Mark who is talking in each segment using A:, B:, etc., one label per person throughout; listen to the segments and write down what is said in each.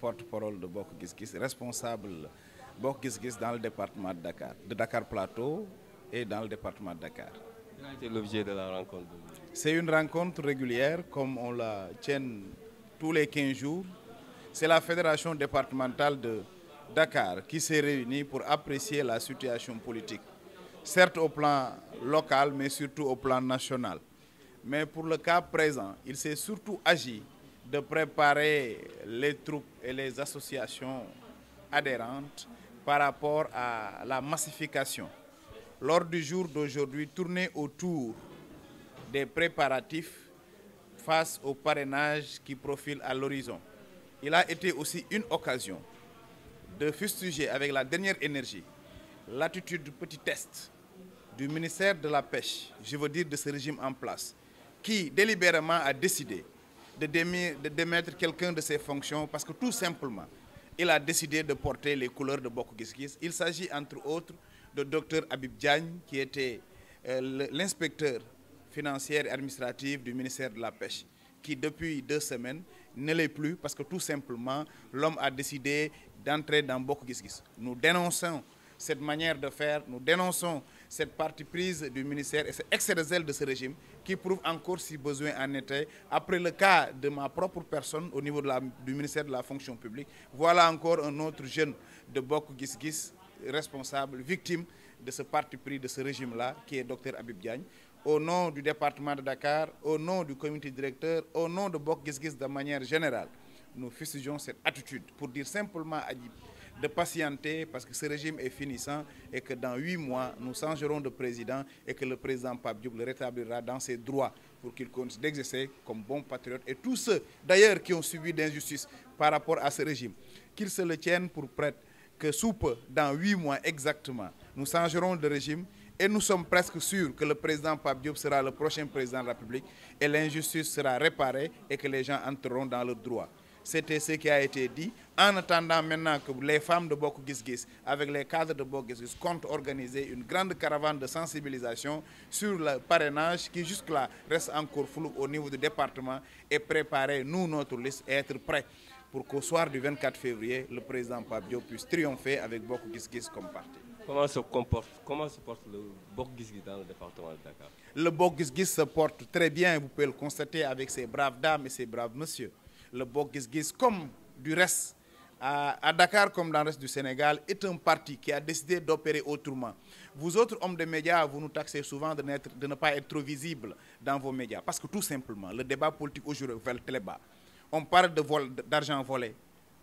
A: porte-parole de Bok responsable Bok dans le département de Dakar, de Dakar Plateau et dans le département de Dakar. l'objet de la rencontre C'est une rencontre régulière, comme on la tienne tous les 15 jours. C'est la fédération départementale de Dakar qui s'est réunie pour apprécier la situation politique, certes au plan local, mais surtout au plan national. Mais pour le cas présent, il s'est surtout agi de préparer les troupes et les associations adhérentes par rapport à la massification. L'ordre du jour d'aujourd'hui tournait autour des préparatifs face au parrainage qui profile à l'horizon. Il a été aussi une occasion de fustiger avec la dernière énergie l'attitude du petit test du ministère de la Pêche, je veux dire de ce régime en place, qui délibérément a décidé de, démettre quelqu'un de ses fonctions parce que tout simplement, il a décidé de porter les couleurs de Boko Il s'agit entre autres de Dr Abib Diagne, qui était euh, l'inspecteur financier et administratif du ministère de la Pêche, qui depuis deux semaines ne l'est plus parce que tout simplement, l'homme a décidé d'entrer dans Boko Nous dénonçons cette manière de faire, nous dénonçons cette partie prise du ministère et cet excès de zèle de ce régime qui prouve encore si besoin en était, après le cas de ma propre personne au niveau de la, du ministère de la fonction publique, voilà encore un autre jeune de Bok Gis responsable, victime de ce parti pris de ce régime-là, qui est docteur Abib Diagne. Au nom du département de Dakar, au nom du comité directeur, au nom de Bok Gis de manière générale, nous fusions cette attitude pour dire simplement à de patienter parce que ce régime est finissant et que dans huit mois, nous changerons de président et que le président Pape le rétablira dans ses droits pour qu'il continue d'exercer comme bon patriote. Et tous ceux d'ailleurs qui ont subi d'injustice par rapport à ce régime, qu'ils se le tiennent pour prêt que sous peu, dans huit mois exactement, nous changerons de régime et nous sommes presque sûrs que le président Pape sera le prochain président de la République et l'injustice sera réparée et que les gens entreront dans le droit c'était ce qui a été dit. En attendant maintenant que les femmes de Boko Gizgiz, avec les cadres de Boko Gizgiz, comptent organiser une grande caravane de sensibilisation sur le parrainage qui jusque-là reste encore flou au niveau du département et préparer, nous, notre liste et être prêts pour qu'au soir du 24 février, le président Pabio puisse triompher avec Boko Gizgiz comme parti. Comment se, comporte, comment se porte le dans le département de Dakar Le Gizgiz se porte très bien, vous pouvez le constater avec ses braves dames et ses braves messieurs le Bok Gizgiz, comme du reste à, Dakar, comme dans le reste du Sénégal, est un parti qui a décidé d'opérer autrement. Vous autres hommes de médias, vous nous taxez souvent de, ne pas être trop visibles dans vos médias. Parce que tout simplement, le débat politique aujourd'hui va très bas. On parle d'argent volé,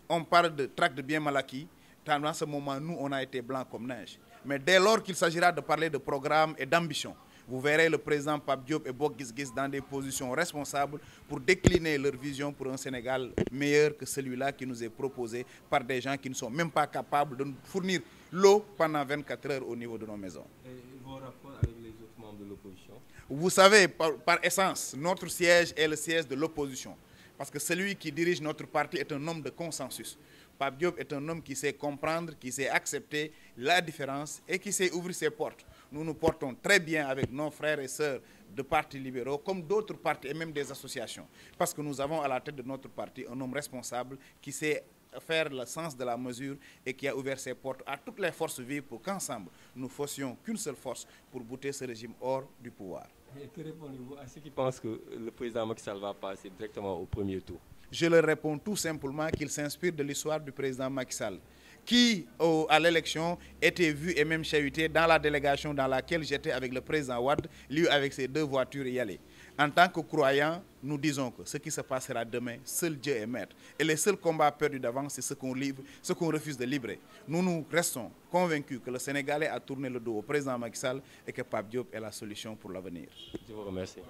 A: on parle de traque de biens mal acquis. Dans ce moment, nous, on a été blanc comme neige. Mais dès lors qu'il s'agira de parler de programme et d'ambition, vous verrez le président Pape Diop et Bok Gizgiz dans des positions responsables pour décliner leur vision pour un Sénégal meilleur que celui-là qui nous est proposé par des gens qui ne sont même pas capables de nous fournir l'eau pendant 24 heures au niveau de nos maisons. Et vos rapports avec les autres membres de l'opposition Vous savez, par, par essence, notre siège est le siège de l'opposition. Parce que celui qui dirige notre parti est un homme de consensus. Pape Diop est un homme qui sait comprendre, qui sait accepter la différence et qui sait ouvrir ses portes. Nous nous portons très bien avec nos frères et sœurs de partis libéraux, comme d'autres partis et même des associations. Parce que nous avons à la tête de notre parti un homme responsable qui sait faire le sens de la mesure et qui a ouvert ses portes à toutes les forces vives pour qu'ensemble nous fossions qu'une seule force pour bouter ce régime hors du pouvoir. Et que répondez-vous à ceux qui pensent que le président Macky Sall va passer directement au premier tour Je leur réponds tout simplement qu'il s'inspire de l'histoire du président Macky Sall qui, au, à l'élection, était vu et même chahuté dans la délégation dans laquelle j'étais avec le président Ouad, lui avec ses deux voitures y aller En tant que croyants, nous disons que ce qui se passera demain, seul Dieu est maître. Et le seuls combats perdu d'avance, c'est ce qu'on livre, ce qu'on refuse de livrer. Nous nous restons convaincus que le Sénégalais a tourné le dos au président Macky et que Pape Diop est la solution pour l'avenir. Je vous remercie.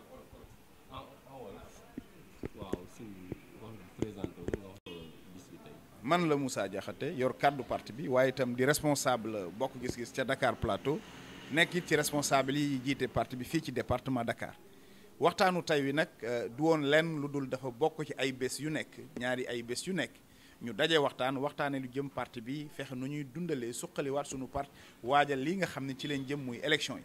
A: man la Moussa Diakhaté yor kàddu parti bi waaye itam di responsable bokk gis-gis ca dakaar Plateau nekk it ci responsable yi jiite parti bi fii ci département Dakar waxtaanu tey wi nag euh, du woon lenn lu dul dafa bokk ci ay bés yu nekk ñaari ay bés yu nekk ñu daje waxtaan waxtaanee lu jëm parti bi fexe nu ñuy dundalee suqaliwaat sunu parti waajal li nga xam ne ci leen jëm muy élection yi.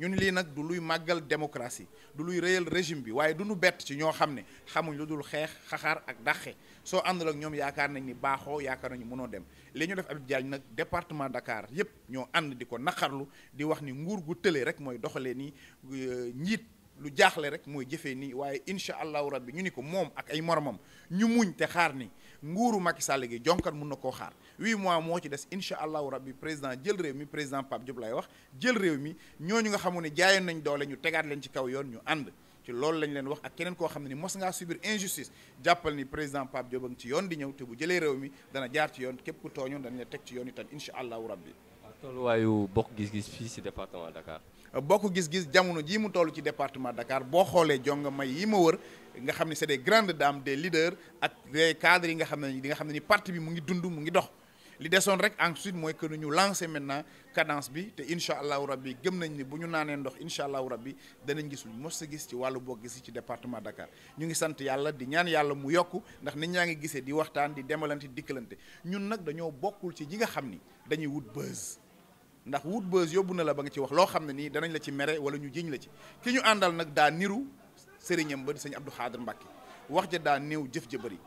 A: ñu ni lii nag du luy màggal démocratie du luy réyal régime bi waaye du nu bett ci ñoo xam ne xamuñ lu dul xeex xaxaar ak dàqe soo àndal ak ñoom yaakaar nañ ni baaxoo yaakaar nañu mënoo dem li ñu def Habib Diagne nag département Dakar yépp ñoo ànd di ko naqarlu di wax ni nguur gu tële rek mooy doxalee ni euh, njiit lu jaaxle rek mooy jëfee nii waaye incha allahu rabbi ñu ni ko moom ak ay moromam ñu muñ te xaar ni nguuru Macky Sall gi jonkan mun na koo xaar huit mois moo ci des incha allahu rabbi président jël réew mi président Pape Diop lay wax jël réew mi ñoo ñu nga xamoon ne jaayoon nañ doole ñu tegaat leen ci kaw yoon ñu ànd ci loolu lañ leen wax ak keneen koo xam ne ni mos ngaa subir injustice jàppal ni président Pape Diop a ci yoon di ñëw te bu jëlee réew mi dana jaar ci yoon képp ku tooñoon dañ la teg ci yoon itam incha allahu rabbi tolluwaayu bokk gis-gis fii si département Dakar. bokk gis-gis jamono jii mu toll ci département Dakar boo xoolee jonga may yi ma wër nga xam ne c'est des grandes dames des leaders ak des cadres yi nga xam ne ni nga xam ne ni parti bi mu ngi dund mu ngi dox. li desoon rek ensuite mooy que ñu lancer maintenant cadence bi te incha allahu rabbi gëm nañ ni bu ñu naanee ndox incha allahu rabbi danañ gisul mos sa gis ci wàllu boo gis ci département Dakar ñu ngi sant yàlla di ñaan yàlla mu yokk ndax nit ñaa ngi gisee di waxtaan di demalante dikkalante ñun nag dañoo bokkul ci ñi nga xam ni dañuy wut buzz ndax wut buzz yóbbu na la ba nga ci wax loo xam ne nii danañ la ci mere wala ñu jiñ la ci ki ñu àndal nag daa niru sëriñam ba di sëñ Abdou Xaadir Mbàkke wax ja daa néew jëf ja bëri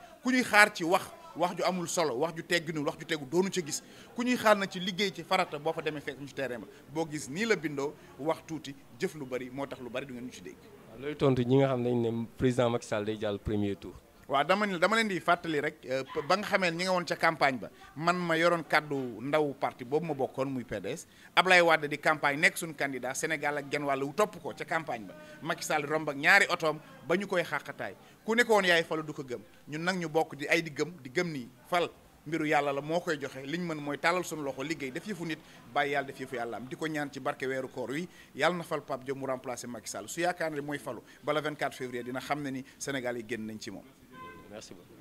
A: wax ju amul solo wax ju tegginul wax ju tegu doonu ca gis ku ñuy xaal na ci liggéey ci farata boo fa demee fekk ñu ci terrain ba boo gis nii la bindoo wax tuuti jëf lu bari moo tax lu bari du ngeen ñu ci dégg. waaw looy tontu ñi nga xam ne dañ ne président Macky day jàll premier tour. waaw dama dama leen di fàttali rek euh, ba nga xamee ñi nga woon ca campagne ba man ma yoroon kàddu ndaw parti boobu ma bokkoon muy PDS Ablaye Wade di campagne nekk suñu candidat Sénégal ak genn wàll wu topp ko ca campagne ba Macky romb ak ñaari otoom ba ñu koy xàqataay ku nekkoon yaay falu du ko gëm ñun nag ñu bokk di ay di gëm di gëm nii fal mbiru yàlla la moo koy joxe liñ mën mooy tàllal suñu loxo liggéey def yëfu nit bàyyi yàlla def yëfu yàlla am di ko ñaan ci barke weeru koor wi yàlla na fal Pape Diop mu su yaakaar ne mooy falu bala 24 février dina xam ne ni Sénégal yi génn nañ ci moom Merci beaucoup.